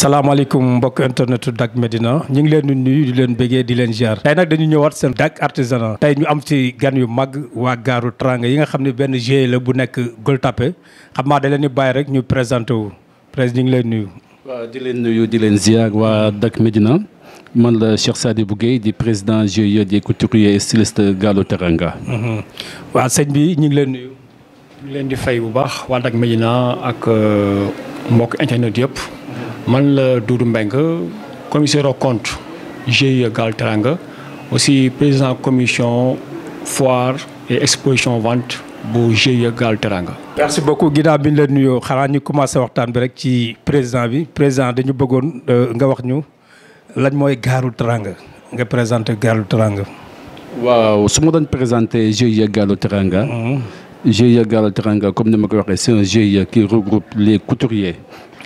salaamaaleykum mbok internetu Dak medina ñing leen di nuyu di leen bëggee di leen ziar tey nag dañu ñëwaat seen Dak artisanat tey ñu am ci gan yu mag waa gaaru Teranga yi nga xam ne benn GIE la bu nekk Gueule Tapée xam naa da leen ni bàyyi rek ñu présenté wu presse ñu ngi leen nuyu. waaw di leen nuyu di leen ziar waa Dak medina man la Cheikh Sadibou Guèye di président GIE di couturier et stylistes gaaru Teranga. Mhm. waa sëñ bi ñu ngi leen nuyu. ñu leen di fay bu baax waa Dak medina ak euh, mbokk internet yëpp man la Doudou commissaire au compte GIE aussi président commission foire et exposition vente bu GIE merci beaucoup Guida bi ñu la nuyoo xanaa ñu commencé waxtaan bi rek ci président bi président dañu bëggoon euh, nga wax ñu lañ mooy Gaalu Teranga nga présenté Gaalu Teranga. waaw su ma doon e Teranga. Mhm. E Teranga comme ni ma c'est un GIE qui regroupe les couturiers.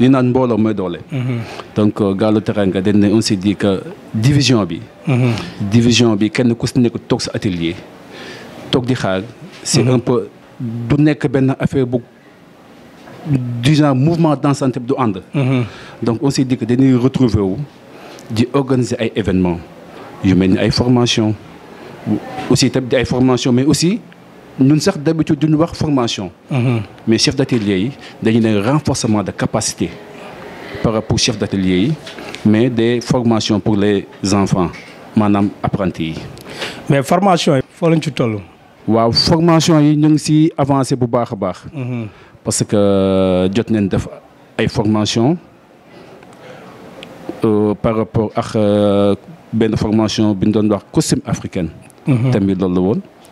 li naan mbooloo mooy doole. Mhm. donc dans euh, terrain terrain ne on s'est dit que division bi. Mhm. division bi kenn ku si nekk toog sa atelier di xaar. c'est mhm. un peu du nekk ben affaire bu du genre mouvement type de ànd. donc on s'est dit que dañuy retrouver wu di organiser ay événements yu mel ay formations aussi tab di ay formations mais aussi. Nous avons d'habitude de wax formation. Mhm. mais chef d'atelier y a renforcement de capacité par rapport au chef d'atelier mais des formations pour les enfants madame apprentis mais formation il faut lañ ci formation il faut ngi si avancé bu mhm. parce que nous avons des formations formation euh, par rapport à une euh, formation qui mhm. la doon africaine.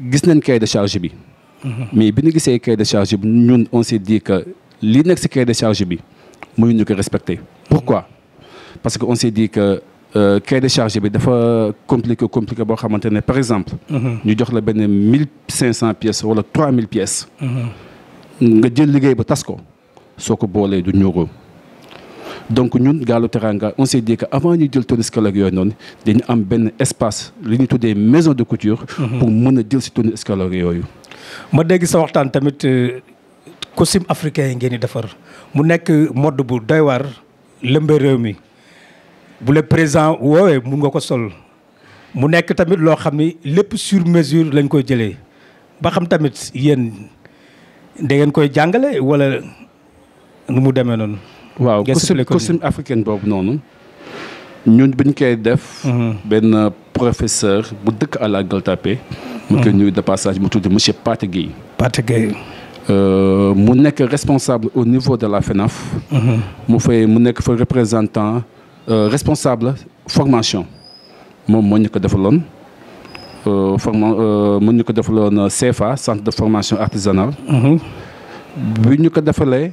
gis nañ cahier de charge bi. mais bi ñu gisee cahier de charge bi ñun on s'est dit que li nekk si cahier de charge bi ñu ko respecter. pourquoi parce que on s'est dit que euh, cahier de charge bi dafa compliqué compliqué boo xamante ne par exemple. ñu jox la benn mille cinq cent pièces wala trois mille pièces. Mhm. nga jël liggéey ba tas ko soo ko boolee du ñoroo donc ñun gaalu teranga on s' dit que avant ñu jël toniscale ak yooyu noonu dañu am benn espace li ñu tuddee maison de couture. Mhm. pour mën a jël si toniscale ak yooyu. ma dégg sa waxtaan tamit euh, costume africain yi ngeen di defar mu nekk mode bu doy waar lëmbe réew mi bu le présent woowee mun nga ko sol mu nekk tamit lo xamni lepp sur mesure lañ koy jëlé ba xam tamit yeen da ngeen koy jàngalé wala nu mu démé non waaw costume costume africaine boobu noonu. ñun bi ñu koy def. Mhm. benn professeur bu dëkk à la gueule mu koy mhm. nuyu de passage mu tudd monsieur Pathé Guèye. Pathé Guèye. Euh, mu nekk responsable au niveau de la FENAF. Mhm. mu fay mu nekk fa représentant euh, responsable formation moom moo ñu ko defaloon. Euh, forma mu ñu ko defaloon CFA centre de formation artisanale. bi ñu ko defalee.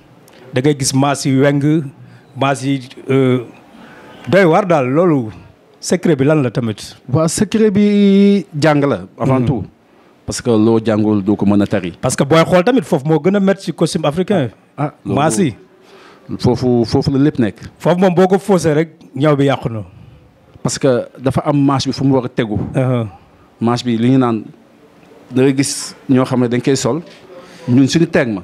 da ngay gis maas yi weng maas yi euh, doy waar daal loolu secret bi lan la tamit. waa secret bi jàng la avant hmm. tout. parce que loo jàngul doo ko mën a tari. parce que booy xool tamit foofu moo gën a métti ci costume africain. Ah, ah, yi. foofu foofu lépp nekk. foofu moom boo ko foosee rek ñaw bi yàqu na. parce que dafa am manche bi fu mu wax a tegu. Uh-huh. manche bi li ñu naan da gis ñoo xam ne dañ koy sol ñun suñu teeg ma.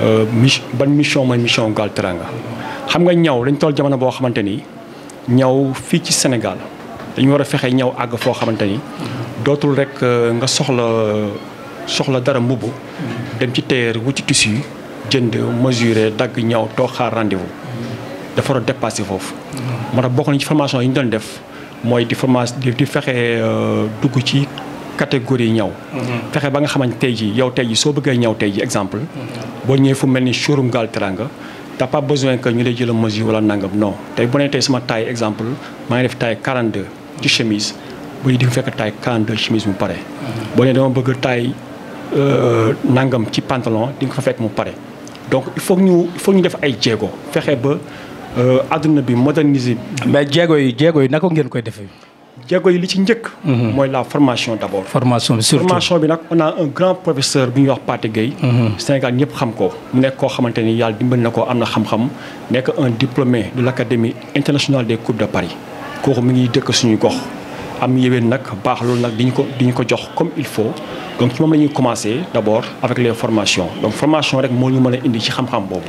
Euh, ban mission mooy mission Gaal Teranga xam nga ñaw lañ tool jamono boo xamante ni ñaw fii ci senegal dañu war a fexe ñaw àgg foo xamante ni dootul rek euh, nga soxla soxla dara mbubb dem ci teer wu ci tissu yi jënd mesuré dagg ñaw toog xaar rendez-vous dafa war a dépassé foofu. moo tax bokk nañ ci formation yi ñu doon def mooy di formation di fexe euh, dugg ci catégorie ñaw mm-hmm. fexe ba nga xamante tey ji yow tey ji soo bëggee ñaw tey ji exemple mm-hmm. boo ñëwee fu mel ni showroom Galou Téranga t'as pas besoin que ñu lay jël mesure wala nangam non tey bu ne tey sama taille exemple maa def taille 42 ci mm-hmm. chemise bu ñu di fekk taille 42 chemise mu pare boo ne dama bëgg taille euh, nangam ci pantalon di nga fa fekk mu pare donc il faut ñu il ñu def ay jéego fexe ba euh, adduna bi moderniser. mais jéego yi jéego yi naka ngeen koy defee. jéego yi li ci njëkk. moy mhm. la formation d'abord. formation bi surtout formation bi nak on a un grand professeur bu ñuy wax Paté Gueye. Mhm. Sénégal ñëpp xam ko mu nekk koo xamante ni yàlla dimbali na ko am na xam-xam nekk un diplômé de l' académie internationale des coupes de Paris kooku mi ngi dëkk suñu gox. am yéwén nag baax loolu nag diñu ko diñu ko jox comme il faut donc ci moom la ñuy commencé d' abord avec les formations donc formation rek moo ñu mën a indi ci xam-xam boobu.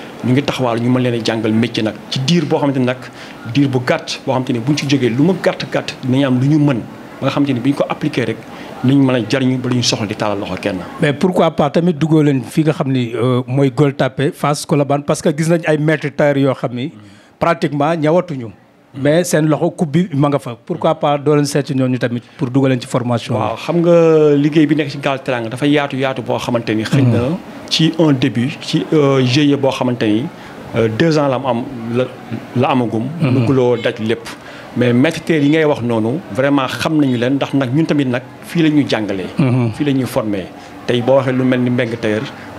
ñu ngi taxawaal ñu ma leen a jàngal métier nag ci diir boo xamante ne nag diir bu gàtt boo xamante ne buñ ci jógee lu mu gàtt gàtt dinañ am lu ñu mën ba nga xam ne bi ñu ko appliqué rek ñu mën a jariñu ba lu ñu soxla di taalal loxo kenn. mais pourquoi pas tamit duggoo leen fi nga xam ni euh, mooy Gueule Tapée Fass Colobane parce que gis nañ ay maîtres tailleurs yoo xam ni pratiquement ñawatuñu. mais seen loxo coupe bi ma nga fa pourquoi pas doo leen seet ci ñooñu tamit pour dugal leen ci formation waaw xam nga liggéey bi nekk ci Galou Téranga dafa yaatu yaatu boo xamante ni xëy na mm-hmm. ci un début ci euh, GIE boo xamante ni euh, deux ans la am am la amagum luguloo mm-hmm. daj lépp mais métiers yi ngay wax noonu vraiment xam nañu leen ndax nag ñun tamit nag fii la ñu jàngalee mm-hmm. fii la ñuy formé tey boo waxee lu mel ni mbéng tailleur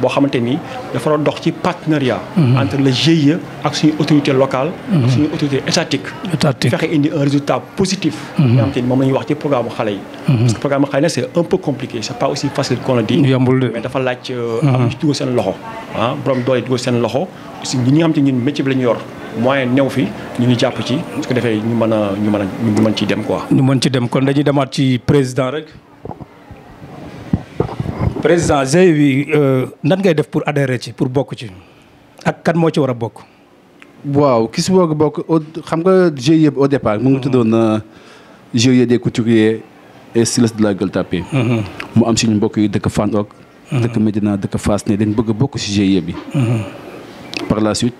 boo xamante ni dafa doon dox ci partenariat. Mhm. entre le GIE ak suñu autorité locale. ak mhm. suñu autorité étatique. étatique fexe indi un résultat positif. Mhm. moom la ñuy wax ci programme xale yi. parce que programme xale nag c' un peu compliqué c' pas aussi facile qu' on mais dafa laaj. Euh, am ñu dugal seen loxo. Ah, borom doole dugal seen loxo si ñi nga xamante ni métier bi la ñu yor. moyen new fi ñu ngi jàpp ci su ko defee ñu mën a ñu a ñu mën ci dem quoi. ñu mën ci kon dañuy demaat ci président GIE bi euh, nan ngay def pour adhérer ci pour bokk ci ak kan moo ci war a bokk. waaw ki si boog bokk xam nga GIE yëpp au départ mu ngi mhm. tuddoon GIE euh, des couturiers et stylistes de la Gueule Tapée. Mhm. mu am suñu mbokk yi dëkk Fann Hock. Mhm. dëkk Médina dëkk fas ne dañ bëgg a bokk si GIE bi. par la suite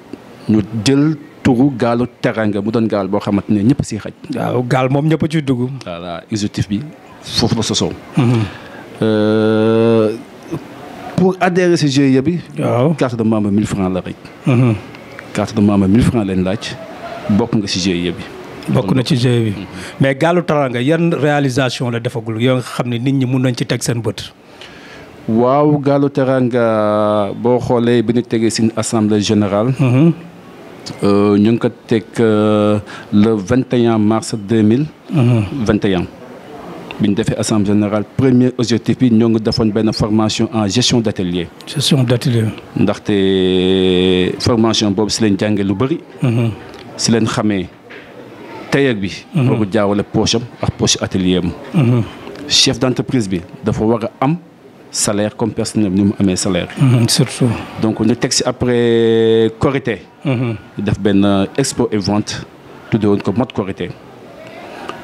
ñu jël turu gaalu teranga mu doon gaal boo xamante ne ñëpp siy xaj. waaw gaal moom ñëpp ciy dugg. voilà exécutif bi foofu la sosoo. Euh, pour adhérer si GIE bi. carte de membre 1000 francs la mhm. carte de membre 1000 francs lañ laaj bokk nga si GIE bi. na ci mhm. mais Galou Téranga réalisation la defagul yoo nga xam ne nit ñi mun nañ ci teg seen bët. Wow, Galou bi assemblée générale. Mhm. Euh, ñu ko euh, le 21 mars 2021. Nous avons fait assemblée générale premier objectif nous avons ngi une formation en gestion d'atelier gestion d'atelier Nous avons formation une formation pour jàngee lu bëri. Mhm. si leen xamee bi. Mhm. poche atelier mhm. chef d'entreprise il bi dafa un salaire comme personnel qui mu un salaire. surtout. donc on a texte après Korité. def benn expo et vente tuddee woon comme mode qualité.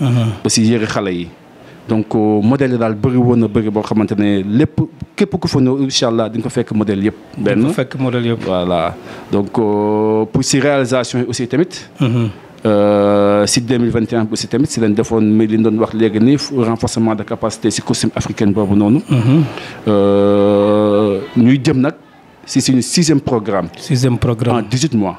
ba si yëre yi donc euh, modèle dal daal wona woon bo bëri boo lépp képp ku fa ñëw incha allah ko fekk modèle yépp ben ko fekk modèle yépp voilà donc euh, pour si réalisation aussi tamit. Mhm. euh si 2021 aussi tamit si lañ defoon mi li doon wax légui nii renforcement de capacité si costume africaine boobu mhm. euh ñuy jëm nak si suñu sixième programme. 6 sixième programme en 18 mois.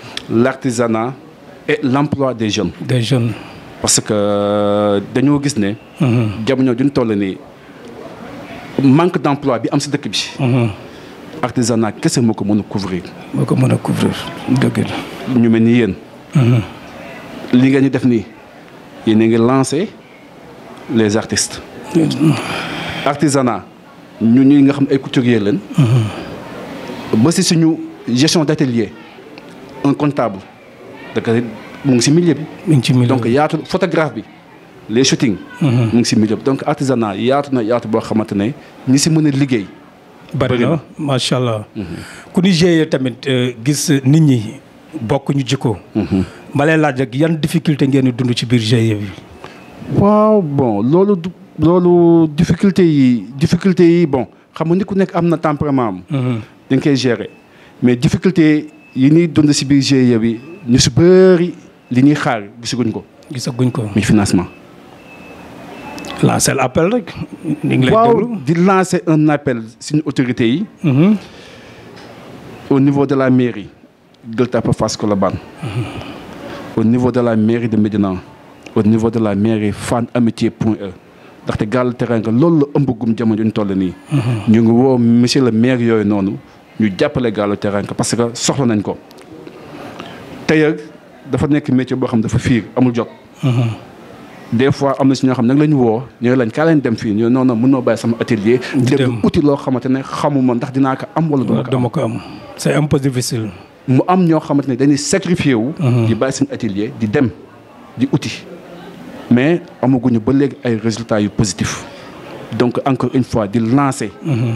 l'artisanat et l'emploi des jeunes. Des jeunes. parce que euh, dañoo gis ne. Mhm. jamono juñ toll nii manque d'emploi bi am ci dëkk bi. Mhm. artisanat kese moo ko mën couvrir. moko mëna couvrir dëgg la. ñu mel ni mhm. li nga ñu def ni yéen a lancé les artistes. artisanat ñu ñi nga xam ay couturier leen. ba si suñu gestion d'atelier atelier un comptable donc mu ngi milieu photographe les shooting. Mhm. mu donc artisanat il y a boo xamante si a des bari na mhm. ku ni tamit euh, gis nit ñi bokku ñu jikko. Mhm. yan difficulté dund ci e bon lolu lolu difficulté difficulté bon xam nga ku nek amna tempérament dañ gérer mais difficulté yi ñuy dund si biir GIE bi ñu si bëri li ñuy xaar gisaguñ ko. gisaguñ ko muy financement. lancer appel rek. ni ngi lay waaw di lancer un appel suñu autorité yi. Mm-hmm. Mm-hmm. au niveau de la mairie. de Tapée Fass Colobane. au niveau de la mairie de Medinan, au niveau de la mairie Fann Amitié Point E. ndaxte Gallu Téranga loolu la ëmbagum jamono ñu toll nii. Mm-hmm. ñu ngi woo monsieur le maire yooyu noonu ñu jàppale le terrain parce que soxla nañ ko tey dafa nekk métier boo xam dafa fiir amul avons mm-hmm. des fois am nous avons fait xam qui nous ñu woo nous lañ nous dem le ñoo nous sama atelier. di outil c'est un peu difficile. mu am mm-hmm. atelier dem mais amaguñu ba des résultats positifs. donc encore une fois di lancer. Mm-hmm.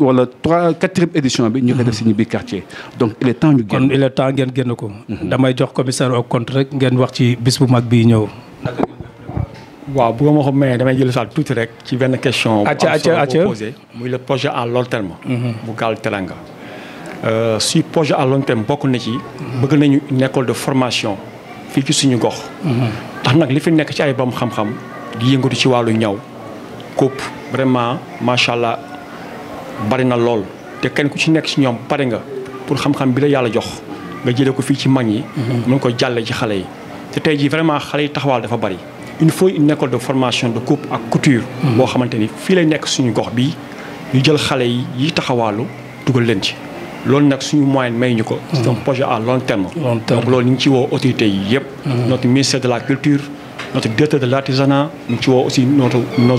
wala trois quatrième édition bi. ñu koy ci ñu bi quartier. donc il est temps ñu génn il est temps ngeen génn ko. Mhm. damay jox commissaire au compte rek ngeen wax ci bis bu mag bi ñëw. waaw bu ma ko mayee damay jël saal tout rek ci ben question. acca acca acca posé muy le projet à long terme. Mhm. bu Gaal Teranga. Euh, si projet à long terme bokku na ci. Mhm. bëgg nañu une école de formation fi ci suñu gox. tax nak li fi nekk ci ay bam xam-xam di yëngatu ci walu ñaw. coupe vraiment machallah bari na lool te kenn ku ci nekk ci ñoom pare nga pour xam-xam bi la yàlla jox nga jëlee ko fii ci mag yi. Mhm. mën ko jàlle ci xale yi. te tey jii vraiment xale yi taxawaal dafa bari il faut une école de formation de coupe ak couture. Mhm. boo xamante ni fii lay nekk suñu gox bi ñu jël xale yi yi taxawaalu dugal leen ci. loolu nag suñu moyen may ñu ko. c'est mhm. un projet à long terme. long terme donc loolu ñu ngi ci woo autorités yi yëpp. notre ministère de la culture notre directeur de l'artisanat woo aussi notre nos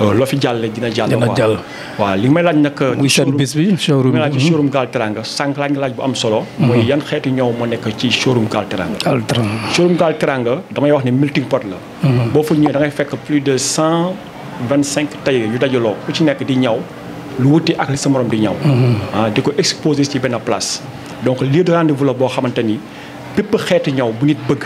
Euh, loo fi jàlle dina jàll. dina jàll waaw li may laaj nag. Euh, muy seen bis bi showroom bi laaj showroom Galou laaj nga laaj bu am solo. Mhm. mooy yan xeetu ñëw moo nekk ci showroom Galou Téranga. Galou Téranga showroom Galou Téranga damay wax ne melting pot la. Mhm. boo fa ñëwee da ngay fekk plus de cent vingt cinq tailleur yu dajaloo ku ci nekk di ñaw lu wuti ak li sa morom di ñaw. Mhm. Ah, di ko exposer ci benn place donc lieu de rendez boo xamante ni bépp xeetu ñaw bu nit bëgg.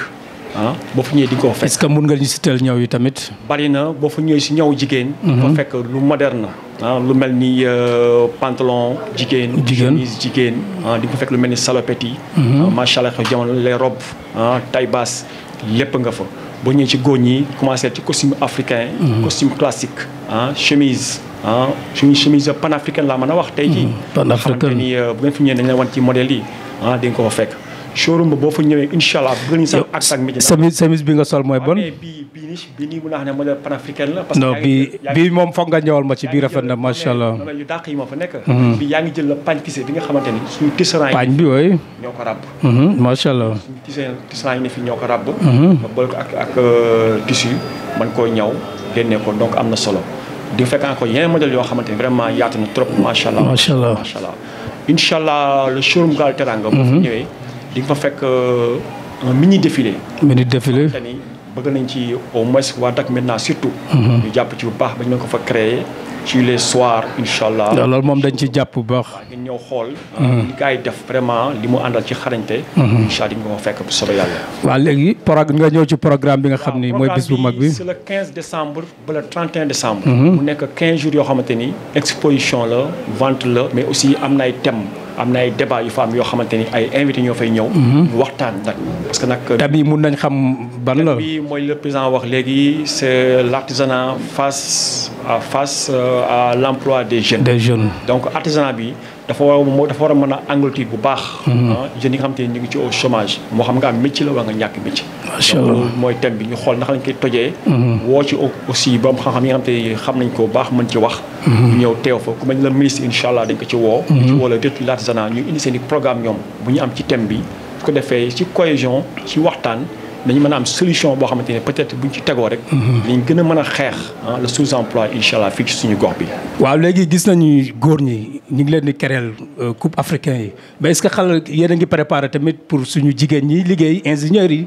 ah boo fa ñëwee di nga ko fekk. est que mun nga ñu sital ñëw yi tamit. bari na boo fa ñëwee si ñëw jigéen. ba mhm. fekk lu moderne. ah lu mel ni euh, pantalon jigéen. jigéen chemise jigéen. Ah, di nga fekk lu mel ni salopette yi. Mhm. Ah, macha allah jamono les robes ah taille basse lépp nga fa. boo ñëwee ci góor ñi commencé ci costume africain. Mhm. costume classique ah chemise. ah suñu chemise panafricaine laa mën a wax. tey jii panafricaine nga xamante ni euh, bu ngeen fi ñëwee dañ la wan ci modèle yi ah di nga ko fekk. showroom ba boo fa ñëwee incha allah bëgg nañu sax ak ak média. semis semis bi nga sol mooy bon. mais bii bii nii bii nii mun naa xam modèle panafricaine la. parce que non bii bii moom nga ñëwal ma ci bii rafet na macha yu dàq yi moo fa nekk. bi yaa jël la pagne tissé bi nga xamante ni suñu tisserand yi. pagne bi oui. ñoo ko ràbb. macha allah suñu tisserand tisserand yi ne fi ñoo ko ràbb. ma boole ko ak ak tissu man koo ñaw génne ko donc am na solo di fekk encore yeneen modèle yoo xamante ni vraiment yaatu na trop macha allah. macha allah macha allah incha allah le showroom Galou Téranga. boo mhm. fa di nga fa euh, un mini défilé. mini défilé bëgg nañ ci au moins waa Dak maintenant surtout. Mhm. ñu jàpp ci bu baax ba ñu ko fa créer ci les soirs incha allah. loolu moom dañ ci jàpp bu baax. ngeen ñëw xool. Mhm. li gars yi def vraiment li mu àndal ci xarañte. Mhm. incha allah di nga ko fekk bu soobee yàlla. waaw léegi pro nga ñëw ci programme bi nga xam ni bis bu mag bi c'est le 15 décembre ba 31 décembre. mu nekk 15 jours yoo xamante ni exposition la vente la mais aussi am na ay thèmes. am na ay débat yu fa am yoo xamante ni ay invité ñoo fay ñëw. Mhm. ñu waxtaan nag parce que nag. Euh, thème yi nañ xam ban la. bi mooy le président wax léegi c' est face à face euh, à l' des jeunes. des jeunes donc artisanat bi. dafa war a dafa war a mën a engloutir bu baax. Mhm. Ah, jeunes yi nga xam te ñu ci au chômage moo xam nga am métier la wala nga ñàkk métier. mooy thème bi ñu xool naka lañ koy tojee. Mhm. woo ci aussi borom xam-xam yi nga xam te xam nañ ko baax mën ci wax. Mhm. ñu ñëw teew fa ku mel la ministre incha allah dañ ci woo. ci woo la détenu ñu indi seen i programme ñoom bu ñu am ci thème bi. bu ko defee ci cohésion ci waxtaan. dañu mën a am solution boo xamante ne peut-être buñ ci tegoo rek. liñ gën a mën a xeex le sous-emploi incha allah fii ci suñu gox bi. waaw léegi gis nañu góor ñi ñu ngi leen di kereel euh, coupe africain yi mais est que xel yéen a ngi préparé tamit pour suñu jigéen ñi liggéey ingénieurs yi.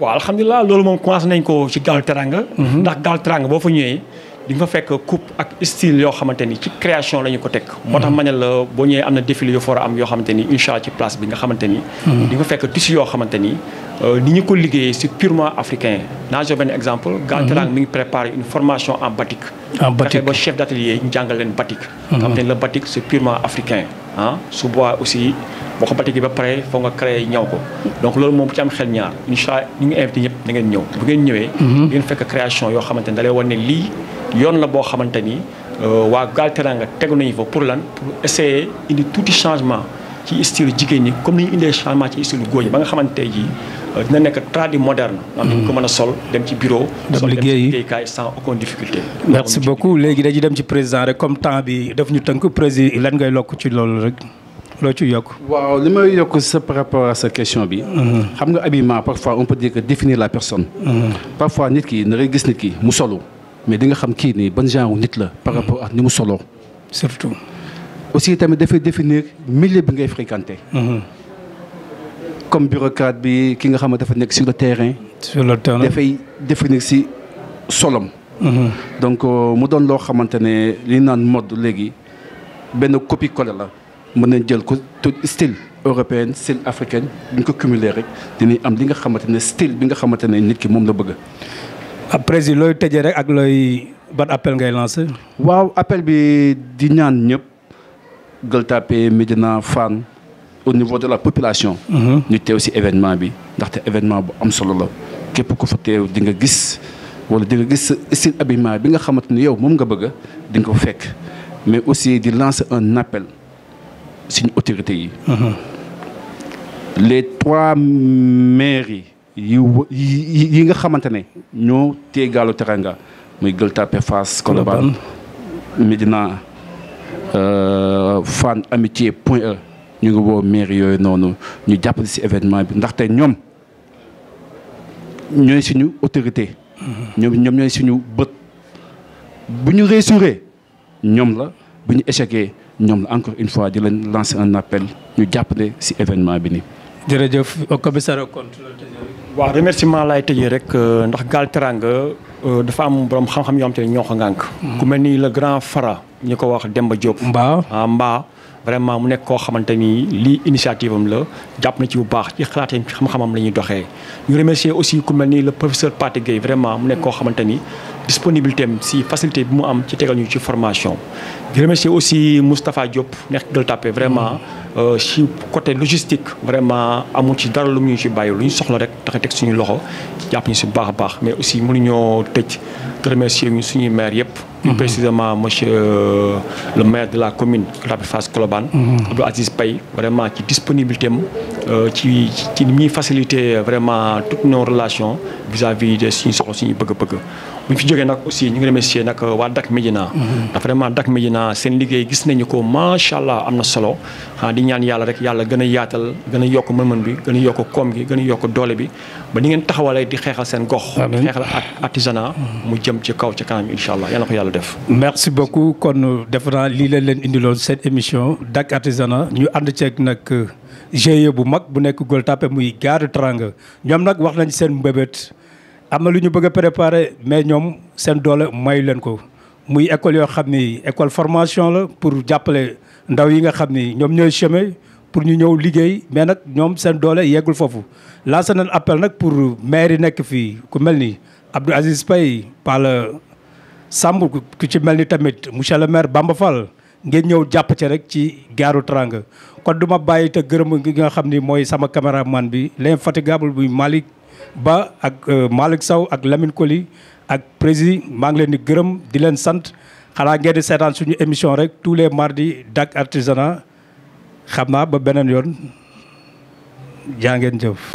waaw alhamdulilah loolu moom commencé nañ ko ci Galou Téranga. Mhm. ndax Galou Téranga boo fa ñëwee. di fa fekk coupe ak style yoo xamante ni ci création la ko teg. moo tax mhm. ma boo ñëwee na défilé yu fa am yoo xamante ni incha allah bi nga xamante ni. Mhm. di nga fekk yoo xamante ni. Euh, ni ñu ko liggéeyee c'est purement africain naa jox benn exemple. Gantelaang mhm. mi ngi préparé une formation en batik. en batik ba chef d'atelier ñu jàngal leen batik. Mhm. xam le batik c'est purement africain. ah su boobaa aussi boo batik ba pare fo nga créer ñaw ko donc loolu moom ci am xel ñaar incha allah ñu ngi invité ñëpp da ngeen ñëw bu ngeen ñëwee. Mhm. ngeen fekk création yoo xamante ne da lay wan ne lii yoon la boo xamante ni euh, waa Galteranga tegu nañu fa pour lan pour essayer indi tuuti changement ci style jigéen ñi comme ni ñu indee changement ci style góor ba nga xamante ji dina nek tradi moderne. am ko meuna sol dem ci bureau. dem liguey kay sans aucune difficulté. merci beaucoup legui dañuy dem ci président rek comme temps bi daf ñu tënk président lan ngay lokk ci lolu rek lo ci yok waaw limay yok ce par rapport à sa question bi. Mhm. xam nga abima parfois on peut dire que définir la personne. Mhm. parfois nit ki na ngay gis nit ki mu solo mais di nga xam ki ni ban genre nit la. par rapport ak ni mu solo. surtout. aussi tamit dafay définir milieu bi ngay fréquenter. Mhm comme bureaucrate bi ki nga xam dafa nekk sur le terrain. sur le terrain dafay définir si solom. Mhm. donc euh, mu doon loo xamante ne li naan mode léegi benn copie-coller la mën nañ jël ko tout style européenne style africaine buñ ko cumuler rek dinañ am li nga xamante ne style bi nga xamante ne nit ki moom la bëgg. après si looy tëjee rek ak looy ban appel ngay lancer waaw appel bi di ñaan ñëpp Gueule Tapée Médina Fann au niveau de la population. nous mhm. teew aussi événement bi té événement bu am solo la képp ku fa teew di nga gis wala di nga gis style habillement bi nga xamante yow mom nga bëgg di nga ko fekk mais aussi di lancer un appel suñu autorités yi. Mhm. les trois mairies yi nga xamante ñoo téye gaalu teranga muy Gueule face, Fass Colobane medina euh, Fann Amitié Point e. ñu ngi woo maire yooyu noonu ñu jàppale si événement bi ndaxte ñoom ñooy suñu autorité. ñoom ñoom suñu bët bu ñu réussiree ñoom la bu ñu échecee ñoom la encore une fois di leen lancer un appel ñu jàppale si événement bi nii. jërëjëf commissaire Konte waaw remerciement laay tëjee rek euh, ndax gaal teranga euh, dafa am borom xam-xam yoo xam te ne ñoo ko ngànk mm-hmm. ku mel nii le grand fara ñu ko wax Demba Diop. Mbaa ah Mbaa. vraiment mu nekk koo xamante ni lii initiative am la jàpp na ci bu baax ci xalaat yi xam-xamam la ñuy doxee ñu remercier aussi ku mel ni le professeur Pathé Gueye vraiment mu nekk koo xamante ni disponibilité si facilité bu mu am ci tégal ñu ci formation Je remercie aussi Moustapha Diop nekk Gueule tapé vraiment ci euh, côté logistique vraiment amu ci dara lu ñu ci bàyyi lu ñu soxla rek taxé tek suñu loxo japp ñu ci baax baax mais aussi mon tëj je remercie ñu suñu maire yépp plus mhm. précisément monsieur euh, le maire de la commune de la Fass Colobane mhm. Abdou Aziz Pay vraiment ci disponibilité qui euh, ci ci ni vraiment toutes nos relations vis-à-vis des signes soxla suñu bëgg-bëgg jógee nag aussi ñu ngi remercier nag euh, waa Dak Médina mm-hmm. ndax vraiment Dak Médina seen liggéey gis nañu ko macha allah am na solo ah di ñaan yàlla rek yàlla gën a yaatal gën a yokk mën-mën bi gën a yokk koom gi gën a yokk doole bi ba ni ngeen taxawalee di xeexal seen gox di xeexal artisanat mm-hmm. mu jëm ci kaw ci kanam incha allah yàlla na ko yàlla def merci beaucoup kon def naa lii la leen indiloon seen émission Dak Artisanat ñu ànd ceeg nag euh, GIE bu mag bu nekk Gueule Tapée muy Gare Teranga ñoom nag wax nañ seen mbébét am na lu ñu bëgg a préparer mais ñoom seen doole mayu leen ko muy école yoo xam ni école formation la pour jàppale ndaw yi nga xam ni ñoom ñooy chemin pour ñu ñëw liggéey mais nag ñoom seen doole yeggul foofu. lancé nañ appel nag pour maire yi nekk fii ku mel ni Abdou Aziz Paye Pala Samb ku ci mel ni tamit monsieur le maire Bamba Fall ngeen ñëw jàpp ci rek ci gaaru Teranga kon du ma bàyyi te gërëm gi nga xam ni mooy sama caméraman bi l'infatigable bu Malick. Ba ak euh, Malick saw ak Lamine Koli ak président maa ngi leen di gërëm di leen sant xanaa ngeen di seetaan suñu émission rek tous les mardis Dak Artisanat xam naa ba beneen yoon jaa ngeen jëf.